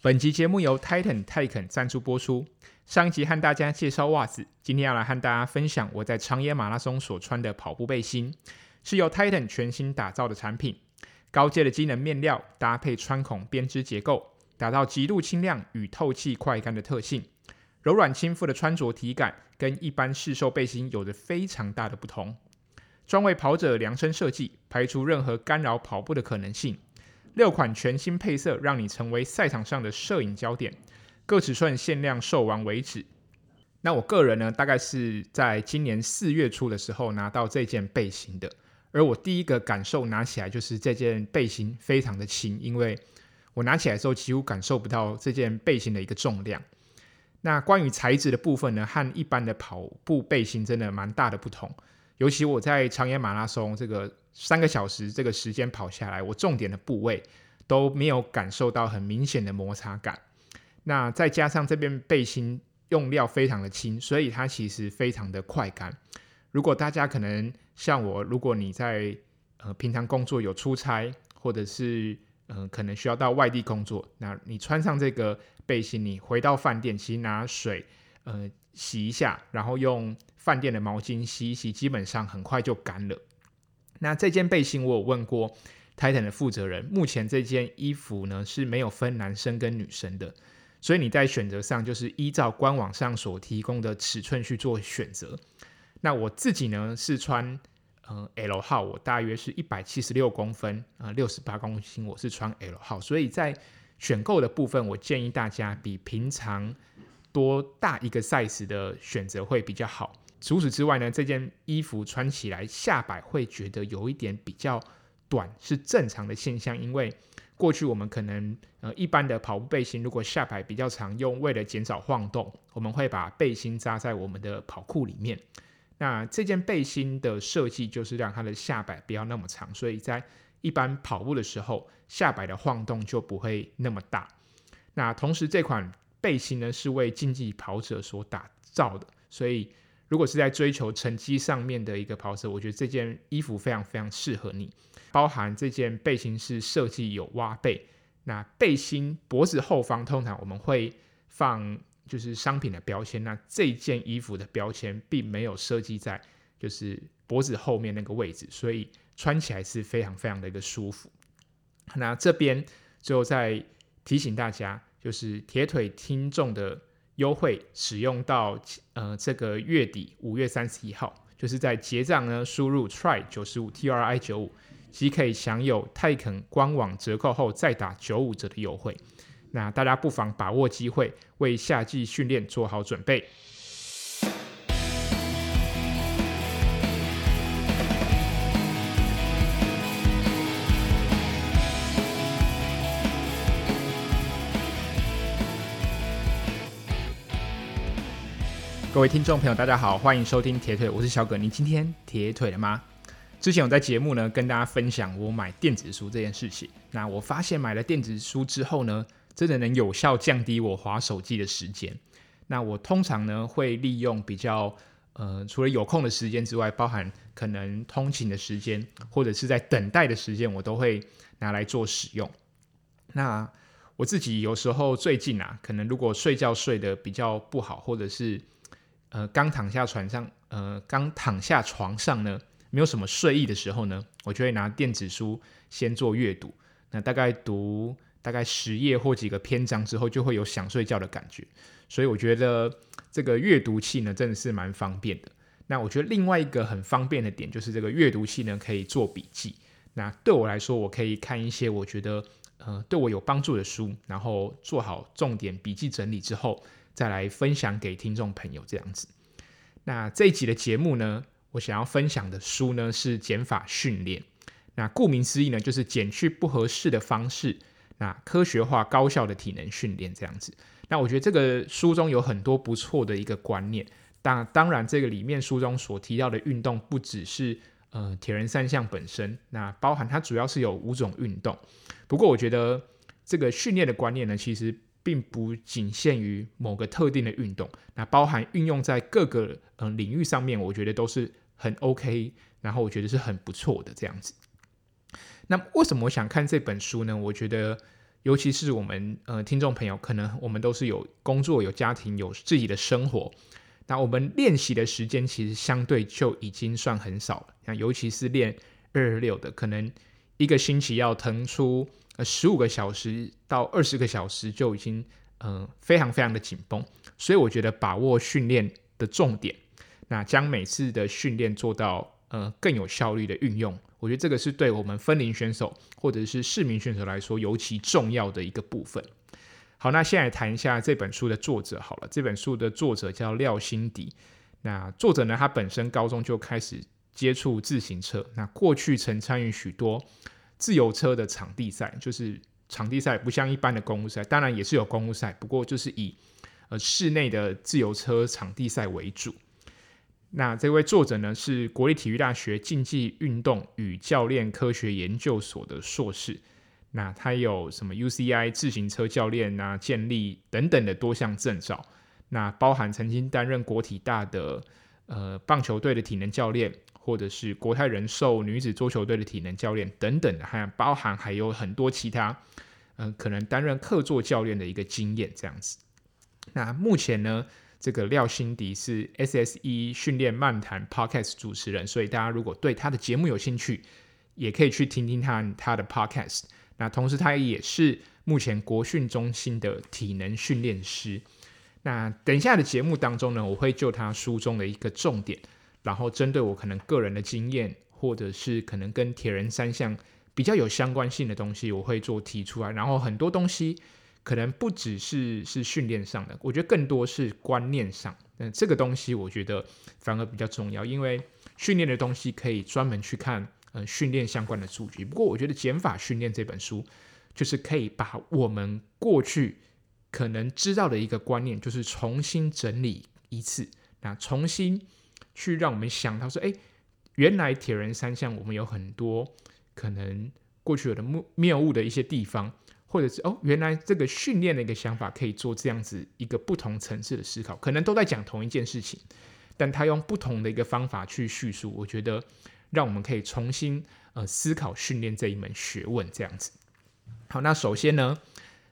本集節目由 Titan 泰肯贊助播出。上一集和大家介紹襪子，今天要來和大家分享我在長野馬拉松所穿的跑步背心，是由 Titan 全新打造的產品。高階的機能面料搭配穿孔編織結構，達到極度輕量與透氣快乾的特性，柔軟親膚的穿着體感，跟一般市售背心有着非常大的不同。專為跑者量身設計，排除任何干擾跑步的可能性。六款全新配色，讓你成為賽場上的攝影焦點。各尺寸限量售完為止。那我個人呢，大概是在今年四月初的時候拿到這件背心的。而我第一個感受拿起來就是這件背心非常的輕，因為我拿起來的時候幾乎感受不到這件背心的一個重量。那關於材質的部分呢，和一般的跑步背心真的蠻大的不同，尤其我在長野馬拉松這個。三個小時這個時間跑下來，我重點的部位都沒有感受到很明顯的摩擦感。那再加上這邊背心用料非常的輕，所以它其實非常的快乾。如果大家可能像我，如果你在呃平常工作有出差，或者是嗯、呃、可能需要到外地工作，那你穿上這個背心，你回到飯店，其實拿水呃洗一下，然後用飯店的毛巾洗一洗，基本上很快就乾了。那這件背心我有問過 Titan 的負責人，目前這件衣服呢是沒有分男生跟女生的，所以你在選擇上就是依照官網上所提供的尺寸去做選擇。那我自己呢是穿，嗯、呃、L 號，我大約是一百七十六公分啊，六十八公斤，我是穿 L 號，所以在選購的部分，我建議大家比平常多大一個 size 的選擇會比較好。除此之外呢，這件衣服穿起來下襬會覺得有一點比較短，是正常的現象。因為過去我們可能呃一般的跑步背心，如果下襬比較長，用為了減少晃動，我們會把背心扎在我們的跑褲裡面。那這件背心的設計就是讓它的下襬不要那麼長，所以在一般跑步的時候，下襬的晃動就不會那麼大。那同時這款背心呢是為競技跑者所打造的，所以。如果是在追求成績上面的一個跑者，我覺得這件衣服非常非常適合你。包含這件背心是設計有挖背，那背心脖子後方通常我們會放就是商品的標籤，那這件衣服的標籤並沒有設計在就是脖子後面那個位置，所以穿起來是非常非常的一個舒服。那這邊最後再提醒大家，就是鐵腿聽眾的。優惠使用到呃，這個月底五月三十一號，就是在結賬呢輸入 try 九十五 T R I 九五，即可以享有泰肯官網折扣後再打九五折的優惠。那大家不妨把握機會，為夏季訓練做好準備。各位聽眾朋友，大家好，歡迎收聽鐵腿，我是小葛。你今天鐵腿了嗎？之前我在節目呢，跟大家分享我買電子書這件事情。那我發現買了電子書之後呢，真的能有效降低我滑手機的時間。那我通常呢，會利用比較呃，除了有空的時間之外，包含可能通勤的時間，或者是在等待的時間，我都會拿來做使用。那我自己有時候最近啊，可能如果睡覺睡得比較不好，或者是呃，剛躺下床上，呃，剛躺下床上呢，沒有什麼睡意的時候呢，我就會拿電子書先做閱讀。那大概讀大概十頁或幾個篇章之後，就會有想睡覺的感覺。所以我覺得這個閱讀器呢，真的是蠻方便的。那我覺得另外一個很方便的點就是這個閱讀器呢，可以做筆記。那對我來說，我可以看一些我覺得，呃，對我有幫助的書，然後做好重點筆記整理之後。再來分享給聽眾朋友這樣子。那這一集的節目呢，我想要分享的書呢是《減法訓練》。那顧名思義呢，就是減去不合適的方式，那科學化、高效的體能訓練這樣子。那我覺得這個書中有很多不錯的一個觀念。當當然，這個裡面書中所提到的運動不只是呃鐵人三項本身，那包含它主要是有五種運動。不過，我覺得這個訓練的觀念呢，其實。並不僅限於某個特定的運動，那包含運用在各個呃領域上面，我覺得都是很 OK，然後我覺得是很不錯的這樣子。那為什麼我想看這本書呢？我覺得，尤其是我們呃聽眾朋友，可能我們都是有工作、有家庭、有自己的生活，那我們練習的時間其實相對就已經算很少了。那尤其是練二二六的，可能一個星期要騰出。呃，十五個小時到二十個小時就已經，嗯、呃，非常非常的緊繃，所以我覺得把握訓練的重點，那將每次的訓練做到呃更有效率的運用，我覺得這個是對我們分齡選手或者是市民選手來說尤其重要的一個部分。好，那先來談一下這本書的作者好了。這本書的作者叫廖歆迪，那作者呢，他本身高中就開始接觸自行車，那過去曾參與許多。自由車的場地賽就是場地賽，不像一般的公路賽，當然也是有公路賽，不過就是以呃室內的自由車場地賽為主。那這位作者呢，是國立體育大學競技運動與教練科學研究所的碩士，那他有什麼 UCI 自行車教練啊、健力等等的多項證照，那包含曾經擔任國體大的呃棒球隊的體能教練。或者是國泰人壽女子桌球隊的體能教練等等，還包含還有很多其他，嗯、呃，可能擔任客座教練的一個經驗這樣子。那目前呢，這個廖歆迪是 SSE 訓練漫談 Podcast 主持人，所以大家如果對他的節目有興趣，也可以去聽聽他他的 Podcast。那同時，他也是目前國訓中心的體能訓練師。那等一下的節目當中呢，我會就他書中的一個重點。然後針對我可能個人的經驗，或者是可能跟鐵人三項比較有相關性的東西，我會做提出來。然後很多東西可能不只是是訓練上的，我覺得更多是觀念上。那這個東西我覺得反而比較重要，因為訓練的東西可以專門去看，嗯，訓練相關的數據。不過我覺得《減法訓練》這本書就是可以把我們過去可能知道的一個觀念，就是重新整理一次，那重新。去讓我們想到說，哎、欸，原來鐵人三項，我們有很多可能過去有的謬謬誤的一些地方，或者是哦，原來這個訓練的一個想法可以做這樣子一個不同層次的思考，可能都在講同一件事情，但他用不同的一個方法去敘述，我覺得讓我們可以重新呃思考訓練這一門學問這樣子。好，那首先呢，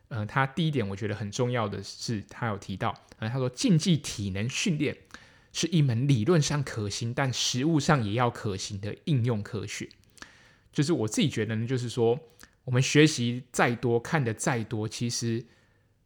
呃，他第一點我覺得很重要的是，他有提到，呃，他說競技體能訓練。是一門理論上可行，但實務上也要可行的應用科學。就是我自己覺得呢，就是說，我們學習再多，看得再多，其實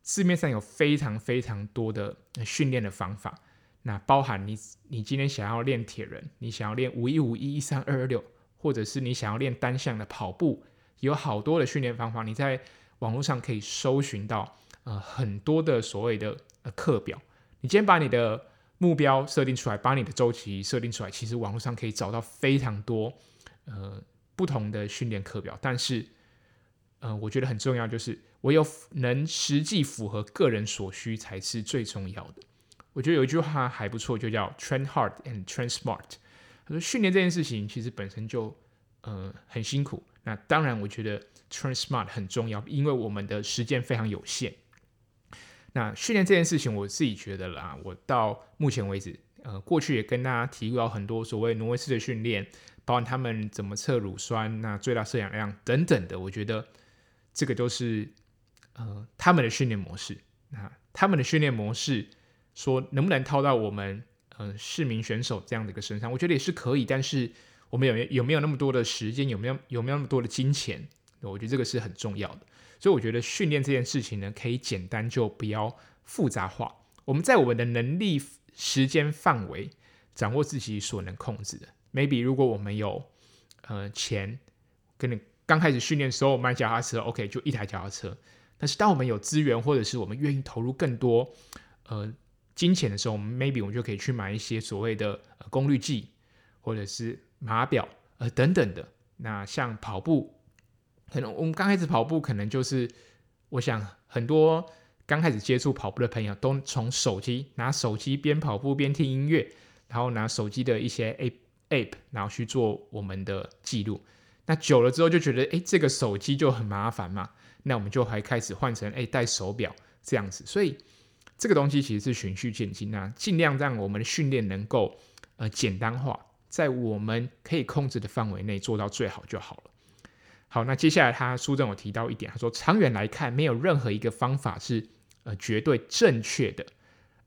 市面上有非常非常多的訓練的方法。那包含你，你今天想要練鐵人，你想要練五一五一一三二二六，或者是你想要練單項的跑步，有好多的訓練方法，你在網絡上可以搜尋到呃很多的所謂的呃課表。你今天把你的。目標設定出來，把你的周期設定出來。其實網絡上可以找到非常多呃不同的訓練課表，但是呃我覺得很重要，就是唯有能實際符合個人所需才是最重要的。我覺得有一句話還不錯，就叫 “train hard and train smart”。他說訓練這件事情其實本身就呃很辛苦，那當然我覺得 “train smart” 很重要，因為我們的時間非常有限。那訓練這件事情，我自己覺得啦，我到目前為止，呃，過去也跟大家提到很多所謂挪威式的訓練，包含他們怎麼測乳酸、那最大攝氧量等等的，我覺得這個都、就是呃他們的訓練模式。啊，他們的訓練模式，模式說能不能套到我們呃市民選手這樣的一個身上，我覺得也是可以，但是我們有有沒有那麼多的時間，有沒有有沒有那麼多的金錢，我覺得這個是很重要的。所以我覺得訓練這件事情呢，可以簡單就不要複雜化。我們在我們的能力、時間範圍，掌握自己所能控制的。Maybe 如果我們有呃錢，跟你剛開始訓練的時候買腳踏車，OK，就一台腳踏車。但是當我們有資源，或者是我們願意投入更多呃金錢的時候，我們 Maybe 我們就可以去買一些所謂的、呃、功率計，或者是碼表呃等等的。那像跑步。可能我們剛開始跑步，可能就是我想很多剛開始接觸跑步的朋友，都從手機拿手機邊跑步邊聽音樂，然後拿手機的一些 A App，然後去做我們的記錄。那久了之後就覺得，哎、欸，這個手機就很麻煩嘛。那我們就還開始換成，哎、欸，戴手表這樣子。所以這個東西其實是循序漸進啊，儘量讓我們的訓練能夠呃簡單化，在我們可以控制的範圍內做到最好就好了。好，那接下來他書中有提到一點，他說長遠來看，沒有任何一個方法是呃絕對正確的，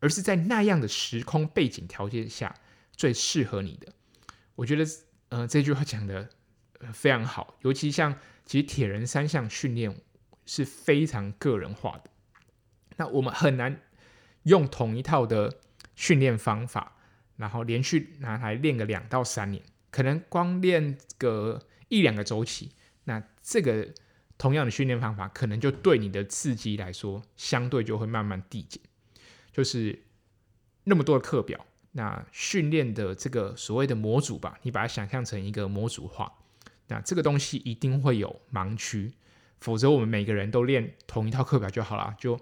而是在那樣的時空背景條件下最適合你的。我覺得，嗯、呃，這句話講得、呃、非常好，尤其像其實鐵人三項訓練是非常個人化的，那我們很難用同一套的訓練方法，然後連續拿來練個兩到三年，可能光練個一兩個週期。這個同樣的訓練方法，可能就對你的刺激來說，相對就會慢慢遞減。就是那麼多的課表，那訓練的這個所謂的模組吧，你把它想象成一個模組化，那這個東西一定會有盲區，否則我們每個人都練同一套課表就好了。就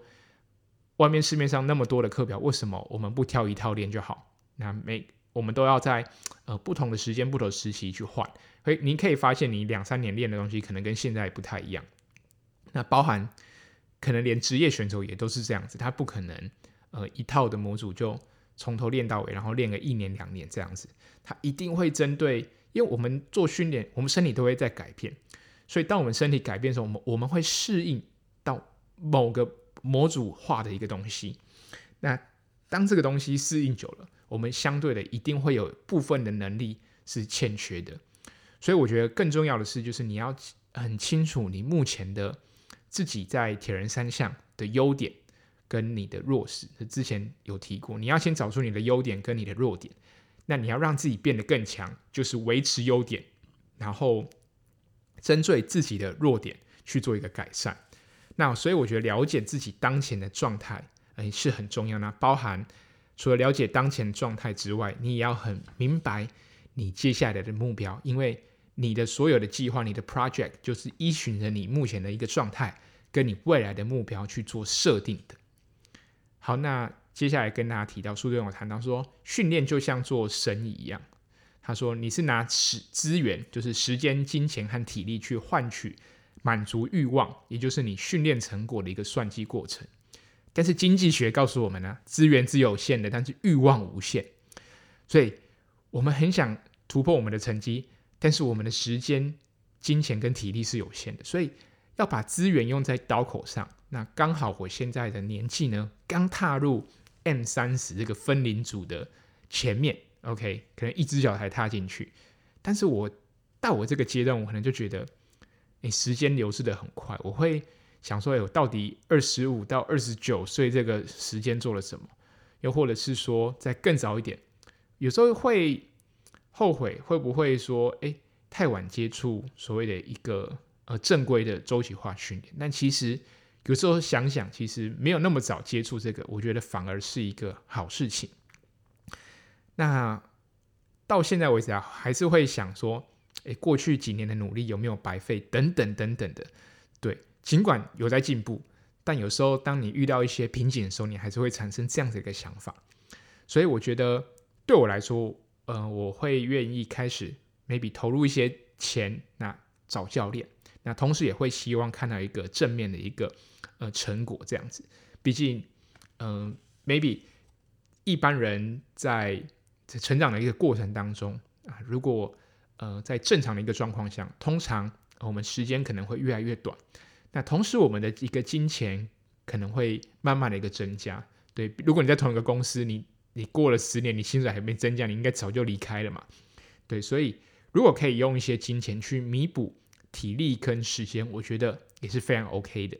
外面市面上那麼多的課表，為什麼我們不挑一套練就好？那每我們都要在呃不同的時間、不同的時期去換，所以你可以發現，你兩三年練的東西可能跟現在不太一樣。那包含可能連職業選手也都是這樣子，他不可能呃一套的模組就從頭練到尾，然後練個一年兩年這樣子。他一定會針對，因為我們做訓練，我們身體都會在改變，所以當我們身體改變的時候，我們我們會適應到某個模組化的一個東西。那當這個東西適應久了，我們相對的一定會有部分的能力是欠缺的，所以我覺得更重要的是，就是你要很清楚你目前的自己在鐵人三項的優點跟你的弱勢。之前有提過，你要先找出你的優點跟你的弱點。那你要讓自己變得更強，就是維持優點，然後針對自己的弱點去做一個改善。那所以我覺得了解自己當前的狀態，哎，是很重要的，那包含。除了了解當前狀態之外，你也要很明白你接下來的目標，因為你的所有的計劃、你的 project 就是依循着你目前的一個狀態，跟你未來的目標去做設定的。好，那接下來跟大家提到，書中有談到說，訓練就像做生意一樣，他說你是拿時資源，就是時間、金錢和體力去換取滿足欲望，也就是你訓練成果的一個算計過程。但是經濟學告訴我們呢、啊，資源是有限的，但是慾望無限，所以我們很想突破我們的成績，但是我們的時間、金錢跟體力是有限的，所以要把資源用在刀口上。那剛好我現在的年紀呢，剛踏入 M 三十這個分齡組的前面，OK，可能一只腳還踏進去，但是我到我這個階段，我可能就覺得，你、欸、時間流逝的很快，我會。想說，有到底二十五到二十九歲這個時間做了什麼？又或者是說，再更早一點，有時候會後悔，會不會說，哎，太晚接觸所謂的一個呃正規的周期化訓練？但其實有時候想想，其實沒有那麼早接觸這個，我覺得反而是一個好事情。那到現在為止啊，還是會想說，哎，過去幾年的努力有沒有白費？等等等等的，對。儘管有在進步，但有時候當你遇到一些瓶頸的時候，你還是會產生這樣子一個想法。所以我覺得對我來說，呃，我會願意開始 maybe 投入一些錢，那找教練，那同時也會希望看到一個正面的一個呃成果這樣子。畢竟，嗯，呃，maybe 一般人在成長的一個過程當中啊，呃，如果呃在正常的一個狀況下，通常，呃，我們時間可能會越來越短。那同時，我們的一個金錢可能會慢慢的一個增加。對，如果你在同一個公司，你你過了十年，你薪水還沒增加，你應該早就離開了嘛。對，所以如果可以用一些金錢去彌補體力跟時間，我覺得也是非常 OK 的。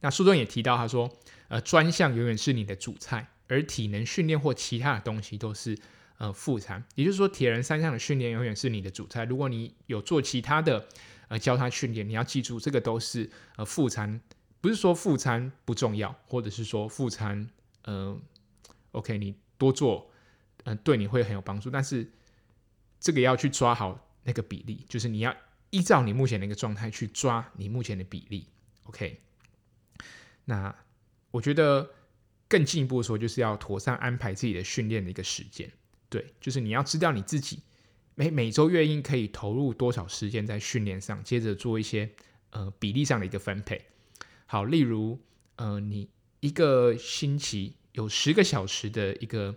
那書中也提到，他說，呃，專項永遠是你的主菜，而體能訓練或其他的東西都是呃副餐。也就是說，鐵人三項的訓練永遠是你的主菜。如果你有做其他的。而、呃、教他訓練，你要記住，這個都是呃，副餐，不是說副餐不重要，或者是說副餐，嗯、呃、OK，你多做，嗯、呃，對你會很有幫助，但是這個要去抓好那個比例，就是你要依照你目前的一個狀態去抓你目前的比例，OK。那我覺得更進一步說，就是要妥善安排自己的訓練的一個時間，對，就是你要知道你自己。每每周願意可以投入多少時間在訓練上？接着做一些呃比例上的一個分配。好，例如呃你一個星期有十個小時的一個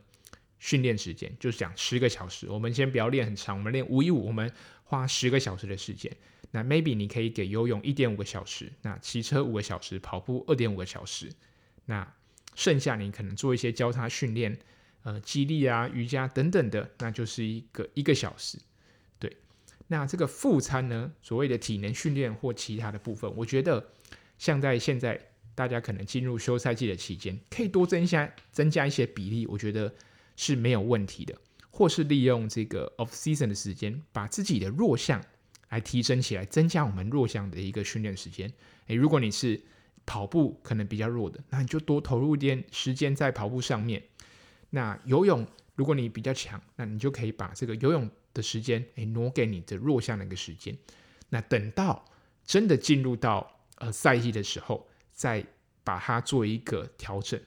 訓練時間，就是講十個小時。我們先不要練很長，我們練五一五，我們花十個小時的時間。那 maybe 你可以給游泳一點五個小時，那騎車五個小時，跑步二點五個小時，那剩下你可能做一些交叉訓練。呃，肌力啊、瑜伽等等的，那就是一個一個小時。對，那這個副餐呢，所謂的體能訓練或其他的部分，我覺得像在現在大家可能進入休賽季的期間，可以多增加增加一些比例，我覺得是沒有問題的。或是利用這個 off season 的時間，把自己的弱項來提升起來，增加我們弱項的一個訓練時間。誒、欸，如果你是跑步可能比較弱的，那你就多投入一點時間在跑步上面。那游泳，如果你比較強，那你就可以把這個游泳的時間，哎、欸，挪給你的弱項那個時間。那等到真的進入到呃賽季的時候，再把它做一個調整。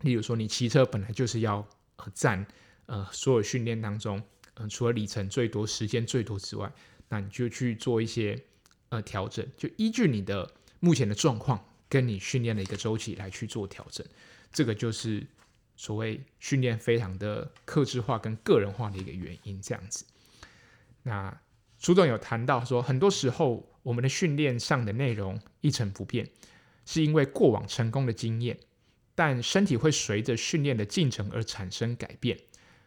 例如說，你騎車本來就是要呃占呃所有訓練當中，嗯、呃，除了里程最多、時間最多之外，那你就去做一些呃調整，就依據你的目前的狀況，跟你訓練的一個週期來去做調整。這個就是。所謂訓練非常的客製化跟個人化的一個原因，這樣子。那書中有談到說，很多時候我們的訓練上的內容一成不變，是因為過往成功的經驗，但身體會隨着訓練的進程而產生改變。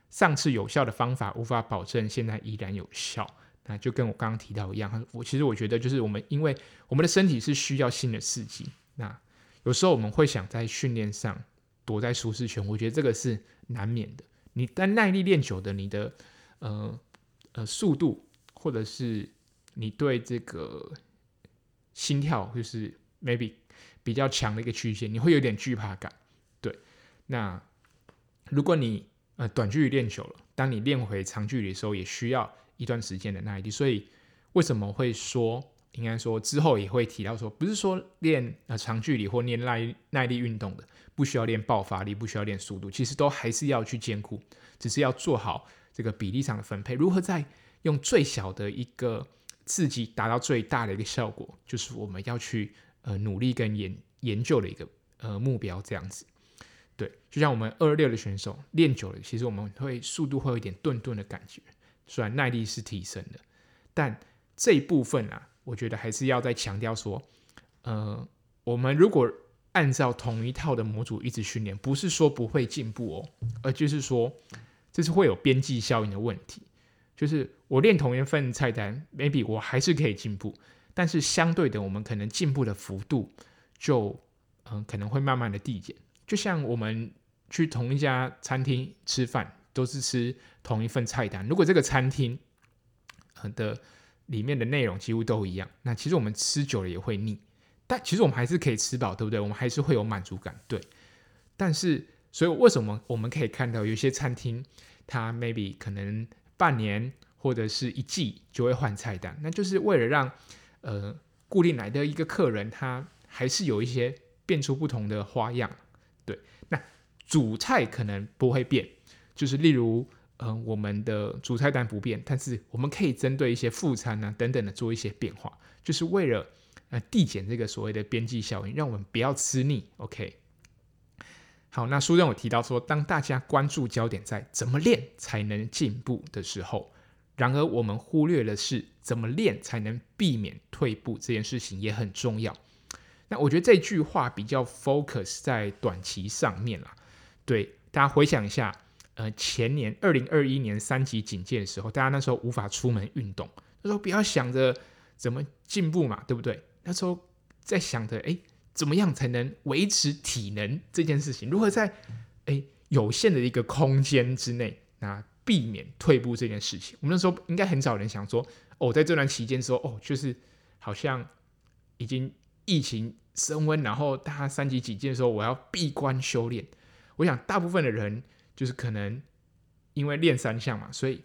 上次有效的方法無法保證現在依然有效。那就跟我剛剛提到一樣，我其實我覺得就是我們因為我們的身體是需要新的刺激，那有時候我們會想在訓練上，躲在舒適圈，我覺得這個是難免的。你但耐力練久的，你的呃呃速度或者是你對這個心跳，就是 maybe 比較強的一個曲線，你會有點懼怕感。對，那如果你呃短距離練久了，當你練回長距離的時候，也需要一段時間的耐力。所以為什麼會說？應該說之後也會提到說，不是說練呃長距離或練耐耐力運動的不需要練爆發力，不需要練速度，其實都還是要去兼顧，只是要做好這個比例上的分配，如何在用最小的一個刺激達到最大的一個效果，就是我們要去呃努力跟研研究的一個呃目標，這樣子。對，就像我們二六的選手練久了，其實我們會速度會有一點鈍鈍的感覺，雖然耐力是提升的，但這一部分啊。我覺得還是要再強調說，呃，我們如果按照同一套的模組一直訓練，不是說不會進步哦，而就是說，這是會有邊際效應的問題。就是我練同一份菜單，maybe 我還是可以進步，但是相對的，我們可能進步的幅度就嗯、呃、可能會慢慢的遞減。就像我們去同一家餐廳吃飯，都是吃同一份菜單，如果這個餐廳很的。裡面的內容幾乎都一樣，那其實我們吃久了也會膩，但其實我們還是可以吃飽，對不對？我們還是會有滿足感，對。但是，所以為什麼我們可以看到有些餐廳，它 maybe 可能半年或者是一季就會換菜單，那就是為了讓呃固定來的一個客人，他還是有一些變出不同的花樣，對。那主菜可能不會變，就是例如。嗯、呃，我們的主菜單不變，但是我們可以針對一些副餐啊等等的做一些變化，就是為了呃遞減這個所謂的邊際效應，讓我們不要吃膩。OK，好，那書中有提到說，當大家關注焦點在怎麼練才能進步的時候，然而我們忽略的是怎麼練才能避免退步這件事情也很重要。那我覺得這句話比較 focus 在短期上面啦。對，大家回想一下。呃，前年二零二一年三級警戒的時候，大家那時候無法出門運動，那時候不要想着怎麼進步嘛，對不對？那時候在想着，哎、欸，怎麼樣才能維持體能這件事情。如何在哎、欸、有限的一個空間之內，那、啊、避免退步這件事情。我們那時候應該很少人想說，哦，在這段期間說，哦，就是好像已經疫情升溫，然後大家三級警戒的時候，我要閉關修煉。我想大部分的人。就是可能因為練三項嘛，所以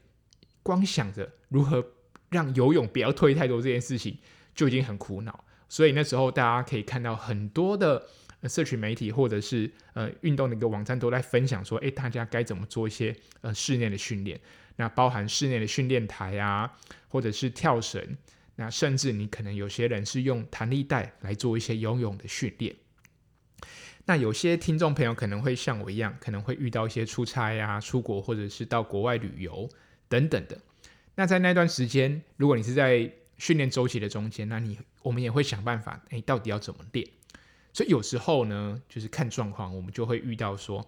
光想着如何讓游泳不要退太多這件事情就已經很苦惱。所以那時候大家可以看到很多的社群媒體或者是呃運動的一個網站都在分享說：哎、欸，大家該怎麼做一些呃室內的訓練？那包含室內的訓練台啊，或者是跳繩，那甚至你可能有些人是用彈力帶來做一些游泳的訓練。那有些聽眾朋友可能會像我一樣，可能會遇到一些出差呀、啊、出國或者是到國外旅遊等等的。那在那段時間，如果你是在訓練週期的中間，那你我們也會想辦法，哎、欸，到底要怎麼練？所以有時候呢，就是看狀況，我們就會遇到說，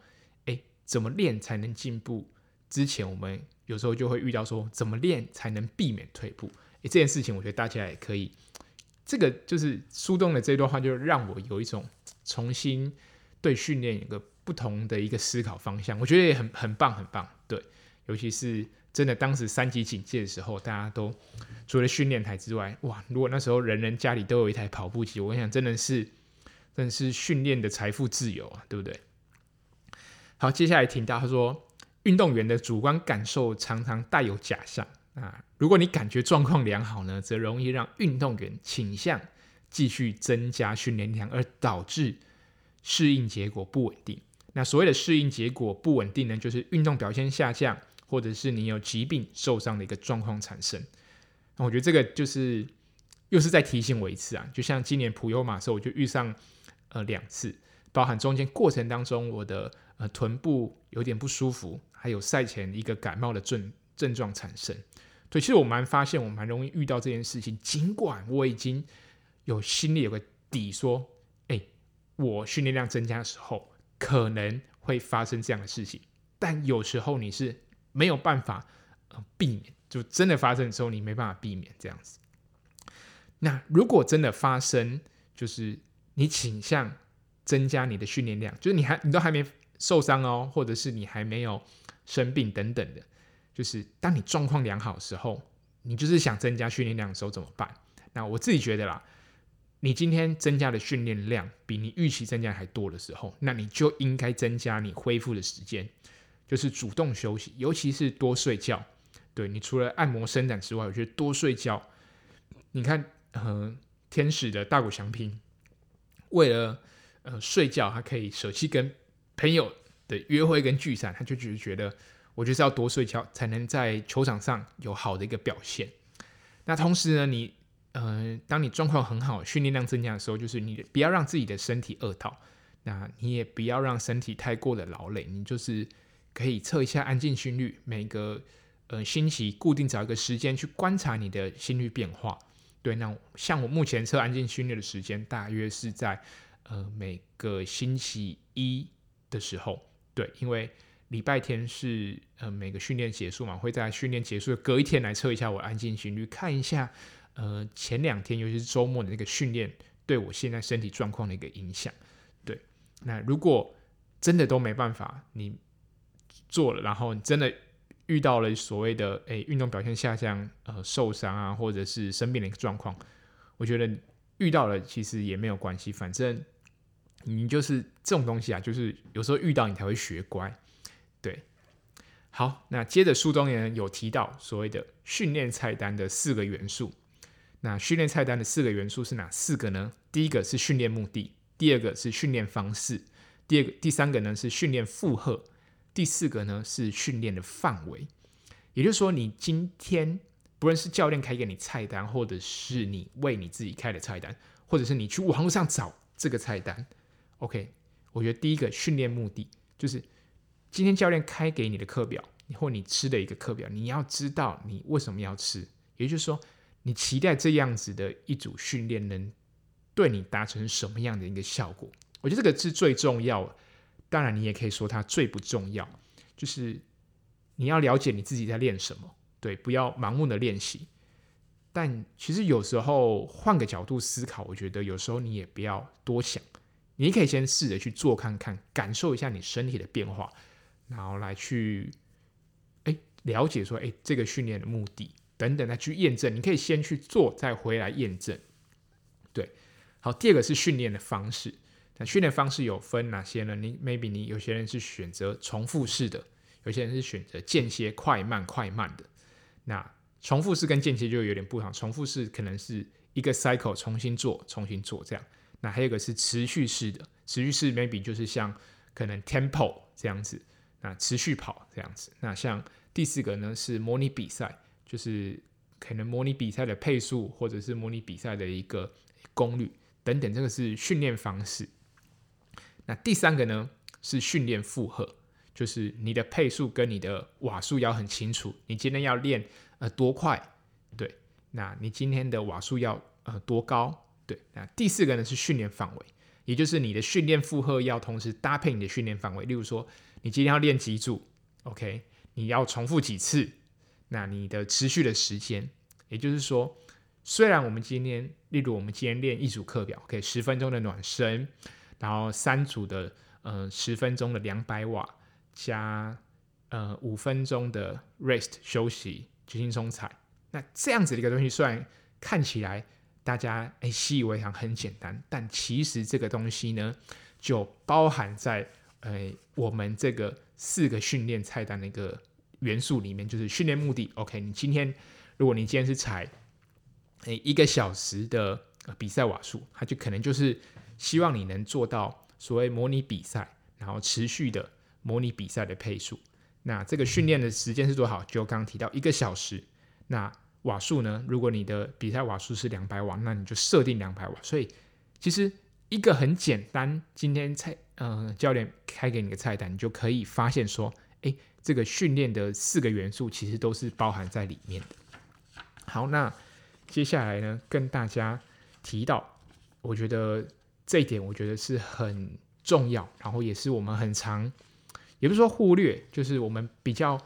哎、欸，怎麼練才能進步？之前我們有時候就會遇到說，怎麼練才能避免退步？哎、欸，這件事情我覺得大家也可以。這個就是蘇東的這段話，就讓我有一種。重新對訓練有個不同的一個思考方向，我覺得也很很棒，很棒。對，尤其是真的當時三級警戒的時候，大家都除了訓練台之外，哇！如果那時候人人家裡都有一台跑步機，我想真的是，真的是訓練的財富自由啊，對不對？好，接下來聽到他說，運動員的主觀感受常常帶有假象啊。如果你感覺狀況良好呢，則容易讓運動員傾向。繼續增加訓練量，而導致適應結果不穩定。那所謂的適應結果不穩定呢，就是運動表現下降，或者是你有疾病、受傷的一個狀況產生。那我覺得這個就是又是再提醒我一次啊，就像今年普悠馬的時候，我就遇上呃兩次，包含中間過程當中我的呃臀部有點不舒服，還有賽前一個感冒的症症狀產生。對，其實我蠻發現，我蠻容易遇到這件事情，儘管我已經。有心裡有個底，說：“哎，欸，我訓練量增加的時候，可能會發生這樣的事情。”但有時候你是沒有辦法，呃，避免，就真的發生的時候，你沒辦法避免這樣子。那如果真的發生，就是你傾向增加你的訓練量，就是你還你都還沒受傷哦，或者是你還沒有生病等等的，就是當你狀況良好的時候，你就是想增加訓練量的時候怎麼辦？那我自己覺得啦。你今天增加的訓練量比你預期增加還多的時候，那你就應該增加你恢復的時間，就是主動休息，尤其是多睡覺。對，你除了按摩、伸展之外，我覺得多睡覺。你看，嗯、呃，天使的大谷翔平為了呃睡覺，他可以捨棄跟朋友的約會跟聚餐，他就只是覺得，我覺得是要多睡覺才能在球場上有好的一個表現。那同時呢，你。呃，當你狀況很好，訓練量增加的時候，就是你不要讓自己的身體餓到，那你也不要讓身體太過的勞累。你就是可以測一下安靜心率，每個呃星期固定找一個時間去觀察你的心率變化。對，那像我目前測安靜心率的時間，大約是在呃每個星期一的時候。對，因為禮拜天是呃每個訓練結束嘛，會在訓練結束隔一天來測一下我安靜心率，看一下。呃，前兩天尤其是周末的那個訓練，對我現在身體狀況的一個影響。對，那如果真的都沒辦法，你做了，然後你真的遇到了所謂的哎、欸、運動表現下降、呃受傷啊，或者是生病的一個狀況，我覺得遇到了其實也沒有關係，反正你就是這種東西啊，就是有時候遇到你才會學乖。對，好，那接着書中也有提到所謂的訓練菜單的四個元素。那訓練菜單的四個元素是哪四個呢？第一個是訓練目的，第二個是訓練方式，第二個、第三個呢是訓練負荷，第四個呢是訓練的範圍。也就是說，你今天不論是教練開給你菜單，或者是你為你自己開的菜單，或者是你去網路上找這個菜單，OK。我覺得第一個訓練目的就是今天教練開給你的課表，或你吃的一個課表，你要知道你為什麼要吃，也就是說。你期待這樣子的一組訓練能對你達成什麼樣的一個效果？我覺得這個是最重要的。當然，你也可以說它最不重要，就是你要了解你自己在練什麼，對，不要盲目的練習。但其實有時候換個角度思考，我覺得有時候你也不要多想，你可以先試着去做看看，感受一下你身體的變化，然後來去哎了解說哎這個訓練的目的，等等再去驗證。你可以先去做，再回來驗證。對，好。第二個是訓練的方式。那訓練方式有分哪些呢？你 maybe 你有些人是選擇重複式的，有些人是選擇間歇快慢快慢的。那重複式跟間歇就有點不同。重複式可能是一個 cycle 重新做，重新做這樣。那還有一個是持續式的，持續式 maybe 就是像可能 tempo 這樣子，那持續跑這樣子。那像第四個呢是模擬比賽。就是可能模擬比賽的配速，或者是模擬比賽的一個功率等等，這個是訓練方式。那第三個呢是訓練負荷，就是你的配速跟你的瓦數要很清楚。你今天要練呃多快？對，那你今天的瓦數要呃多高？對。那第四個呢是訓練範圍，也就是你的訓練負荷要同時搭配你的訓練範圍。例如說，你今天要練幾組？OK，你要重複幾次？那你的持續的時間，也就是說，雖然我們今天，例如我們今天練一組課表，OK，十分鐘的暖身，然後三組的，呃，十分鐘的兩百瓦加，呃，五分鐘的 rest 休息，輕輕鬆鬆踩。那這樣子的一個東西，雖然看起來大家哎習以為常，很簡單，但其實這個東西呢，就包含在呃我們這個四個訓練菜單的一個。元素裡面就是訓練目的。OK，你今天如果你今天是踩，誒，一個小時的比賽瓦數，它就可能就是希望你能做到所謂模擬比賽，然後持續的模擬比賽的配速。那這個訓練的時間是多少？就剛提到一個小時。那瓦數呢？如果你的比賽瓦數是兩百瓦，那你就設定兩百瓦。所以其實一個很簡單，今天菜呃教練開給你個菜單，你就可以發現說。誒，這個訓練的四個元素其實都是包含在裡面的。好，那接下來呢，跟大家提到，我覺得這一點我覺得是很重要，然後也是我們很常，也不是說忽略，就是我們比較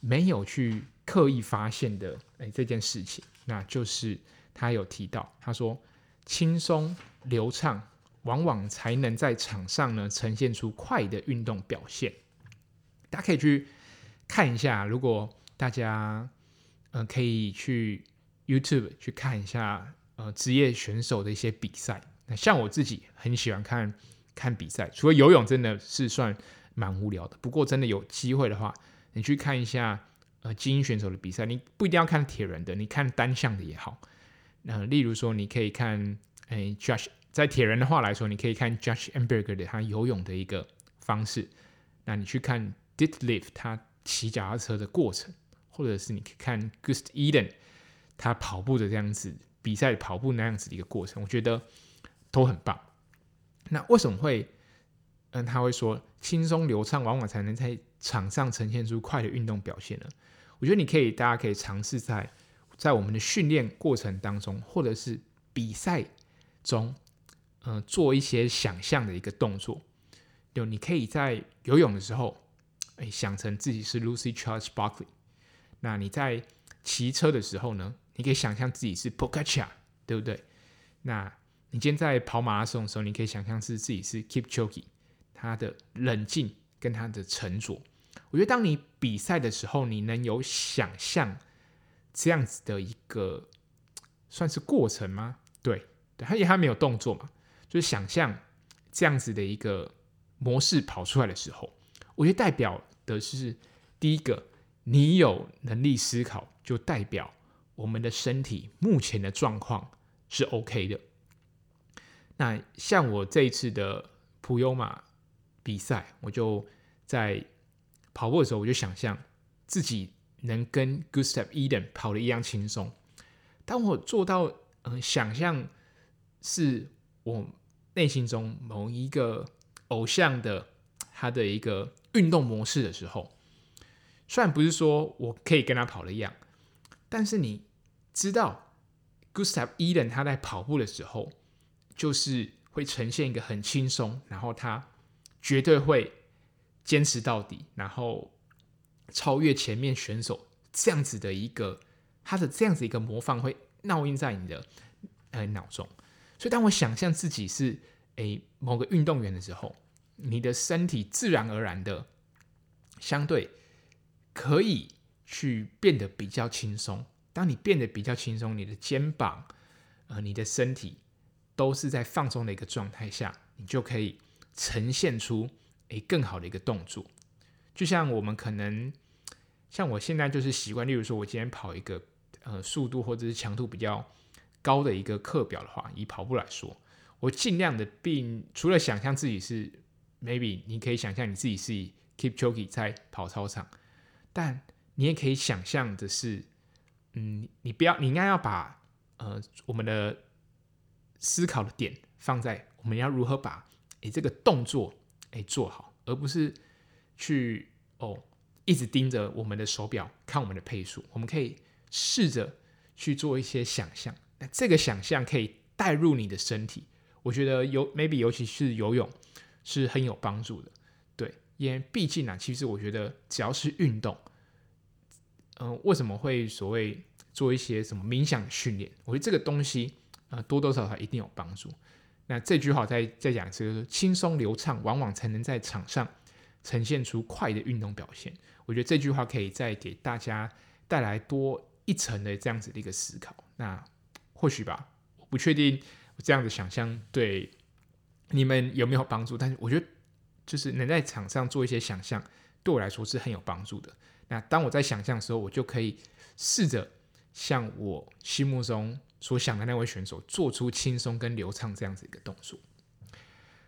沒有去刻意發現的。誒，這件事情，那就是他有提到，他說，輕鬆流暢，往往才能在場上呢呈現出快的運動表現。大家可以去看一下，如果大家呃可以去 YouTube 去看一下呃職業選手的一些比賽。那像我自己很喜歡看看比賽，除了游泳真的是算蠻無聊的。不過真的有機會的話，你去看一下呃精英選手的比賽，你不一定要看鐵人的，你看單項的也好。那例如說你可以看誒、欸、Josh 在鐵人的話來說，你可以看 Josh Amberger 的他游泳的一個方式。那你去看。Ditlev 他騎腳踏車的過程，或者是你看 Gustav Iden 他跑步的這樣子比賽跑步那樣子的一個過程，我覺得都很棒。那為什麼會嗯他會說輕鬆流暢，往往才能在場上呈現出快的運動表現呢？我覺得你可以，大家可以嘗試在在我們的訓練過程當中，或者是比賽中，嗯、呃，做一些想象的一個動作。就你可以在游泳的時候。誒，想成自己是 Lucy Charles-Barclay，那你在騎車的時候呢？你可以想象自己是 Pogačar，對不對？那你今天在跑馬拉松的時候，你可以想象是自己是 Kipchoge，他的冷靜跟他的沉着。我覺得當你比賽的時候，你能有想象這樣子的一個算是過程嗎？對，他因為他沒有動作嘛，就是想象這樣子的一個模式跑出來的時候。我覺得代表的是，第一個，你有能力思考，就代表我們的身體目前的狀況是 OK 的。那像我這一次的普悠瑪比賽，我就在跑步的時候，我就想象自己能跟 Gustav Iden 跑得一樣輕鬆。當我做到，嗯、呃，想象是我內心中某一個偶像的他的一個。運動模式的時候，雖然不是說我可以跟他跑的一樣，但是你知道，Gustav Iden，他在跑步的時候，就是會呈現一個很輕鬆，然後他絕對會堅持到底，然後超越前面選手這樣子的一個，他的這樣子一個模仿會烙印在你的呃腦中。所以，當我想象自己是誒某個運動員的時候。你的身體自然而然的相對可以去變得比較輕鬆。當你變得比較輕鬆，你的肩膀呃，你的身體都是在放鬆的一個狀態下，你就可以呈現出誒、欸、更好的一個動作。就像我們可能像我現在就是習慣，例如說我今天跑一個呃速度或者是強度比較高的一個課表的話，以跑步來說，我盡量的並除了想象自己是。Maybe 你可以想象你自己是 keep choking 在跑操場，但你也可以想象的是，嗯，你不要，你應該要把呃我們的思考的點放在我們要如何把哎、欸、這個動作哎、欸、做好，而不是去哦一直盯着我們的手表看我們的配速。我們可以試着去做一些想象，那這個想象可以帶入你的身體。我覺得游 maybe 尤其是游泳，是很有幫助的，對，因為畢竟呢、啊，其實我覺得只要是運動，嗯、呃，為什麼會所謂做一些什麼冥想訓練？我覺得這個東西啊、呃，多多少少一定有幫助。那這句話再再講一次，就是輕鬆流暢，往往才能在場上呈現出快的運動表現。我覺得這句話可以再給大家帶來多一層的這樣子的一個思考。那或許吧，我不確定我這樣子想象對。你們有沒有幫助？但是我覺得，就是能在場上做一些想象，對我來說是很有幫助的。那當我在想象的時候，我就可以試着向我心目中所想的那位選手，做出輕鬆跟流暢這樣子一個動作。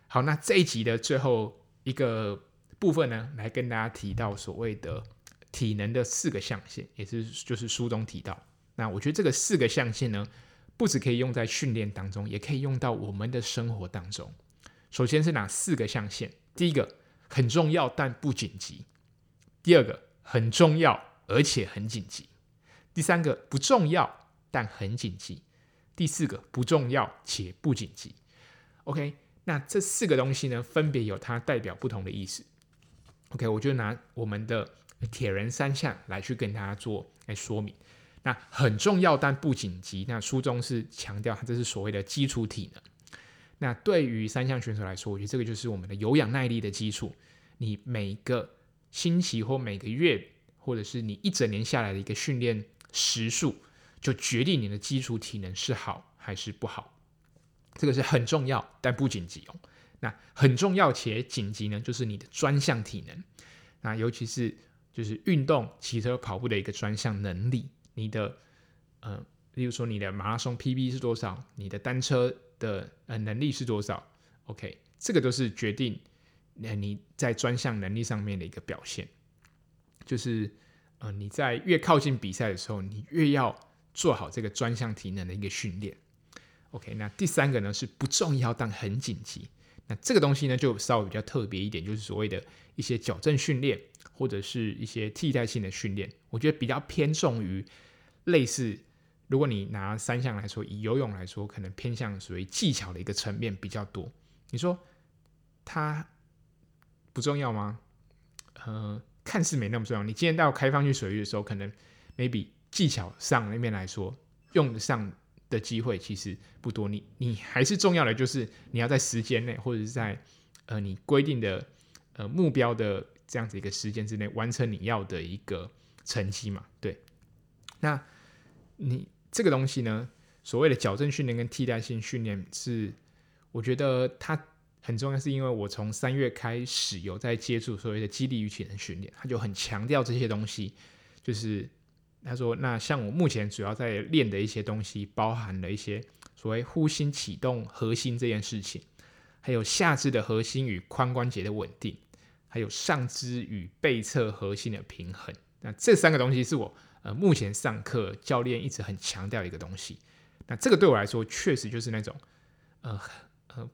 好，那這一集的最後一個部分呢，來跟大家提到所謂的體能的四個象限，也是就是書中提到。那我覺得這個四個象限呢，不只可以用在訓練當中，也可以用到我們的生活當中。首先是哪四個象限？第一個很重要但不緊急，第二個很重要而且很緊急，第三個不重要但很緊急，第四個不重要且不緊急。OK，那這四個東西呢，分別有它代表不同的意思。OK，我就拿我們的鐵人三項來去跟大家做來說明。那很重要但不緊急，那書中是強調它這是所謂的基礎體能。那對於三項選手來說，我覺得這個就是我們的有氧耐力的基礎。你每個星期或每個月，或者是你一整年下來的一個訓練時數，就決定你的基礎體能是好還是不好。這個是很重要，但不緊急哦。那很重要且緊急呢，就是你的專項體能。那尤其是就是運動、騎車、跑步的一個專項能力，你的嗯。呃例如說，你的馬拉松 PB 是多少？你的單車的呃能力是多少？OK，這個都是決定那，你在專項能力上面的一個表現。就是呃，你在越靠近比賽的時候，你越要做好這個專項體能的一個訓練。OK，那第三個呢是不重要但很緊急。那這個東西呢就稍微比較特別一點，就是所謂的一些矯正訓練或者是一些替代性的訓練。我覺得比較偏重於類似。如果你拿三項來說，以游泳來說，可能偏向屬於技巧的一個層面比較多。你說它不重要嗎？呃，看似沒那麼重要。你今天到開放性水域的時候，可能 maybe 技巧上那邊來說用得上的機會其實不多。你你還是重要的就是你要在時間內，或者是在呃你規定的呃目標的這樣子一個時間之內完成你要的一個成績嘛？對，那你。這個東西呢，所謂的矯正訓練跟替代性訓練是，我覺得它很重要，是因為我從三月開始有在接觸所謂的肌力與體能訓練，他就很強調這些東西。就是他說，那像我目前主要在練的一些東西，包含了一些所謂呼吸啟動、核心這件事情，還有下肢的核心與髖關節的穩定，還有上肢與背側核心的平衡。那這三個東西是我，呃，目前上課教練一直很強調一個東西，那這個對我來說確實就是那種呃呃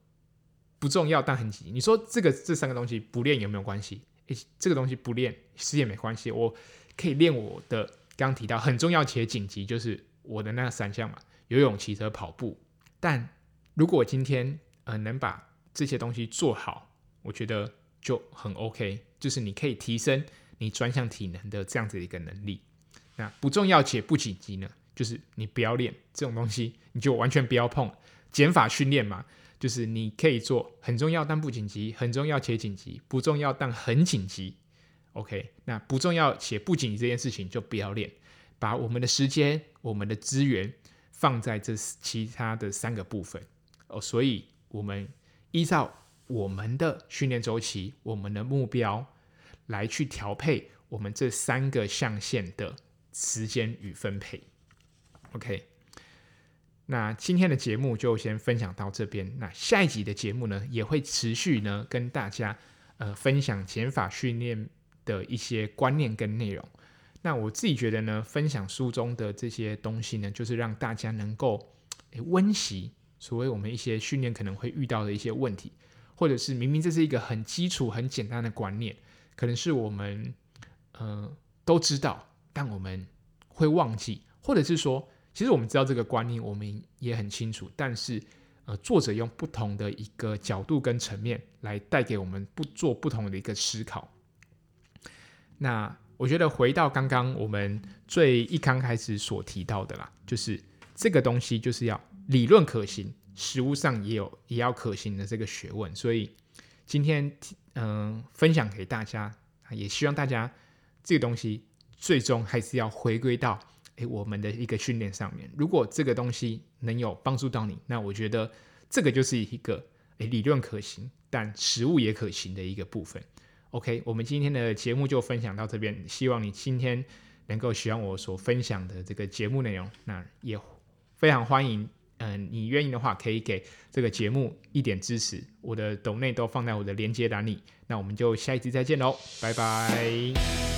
不重要但很緊急。你說這個這三個東西不練有沒有關係？欸，這個東西不練，其實也沒關係。我可以練我的，剛剛提到很重要且緊急，就是我的那三項嘛：游泳、騎車、跑步。但如果我今天呃能把這些東西做好，我覺得就很 OK，就是你可以提升你專項體能的這樣子的一個能力。那不重要且不緊急呢？就是你不要練這種東西，你就完全不要碰減法訓練嘛。就是你可以做很重要但不緊急，很重要且緊急，不重要但很緊急。OK，那不重要且不緊急這件事情就不要練，把我們的時間、我們的資源放在這其他的三個部分哦。所以我們依照我們的訓練週期、我們的目標來去調配我們這三個象限的。時間與分配，OK。那今天的節目就先分享到這邊。那下一集的節目呢，也會持續呢跟大家呃分享減法訓練的一些觀念跟內容。那我自己覺得呢，分享書中的這些東西呢，就是讓大家能夠溫習所謂我們一些訓練可能會遇到的一些問題，或者是明明這是一個很基礎、很簡單的觀念，可能是我們呃都知道。但我們會忘記，或者是說，其實我們知道這個觀念，我們也很清楚。但是，呃，作者用不同的一個角度跟層面來帶給我們，不做不同的一個思考。那我覺得回到剛剛我們最一剛開始所提到的啦，就是這個東西就是要理論可行，實務上也有也要可行的這個學問。所以今天嗯、呃，分享給大家，也希望大家這個東西。最終還是要回歸到、欸、我們的一個訓練上面。如果這個東西能有幫助到你，那我覺得這個就是一個、欸、理論可行，但實務也可行的一個部分。OK，我們今天的節目就分享到這邊，希望你今天能夠喜歡我所分享的這個節目內容。那也非常歡迎，嗯、呃，你願意的話可以給這個節目一點支持，我的斗內都放在我的連結欄裡。那我們就下一集再見嘍，拜拜。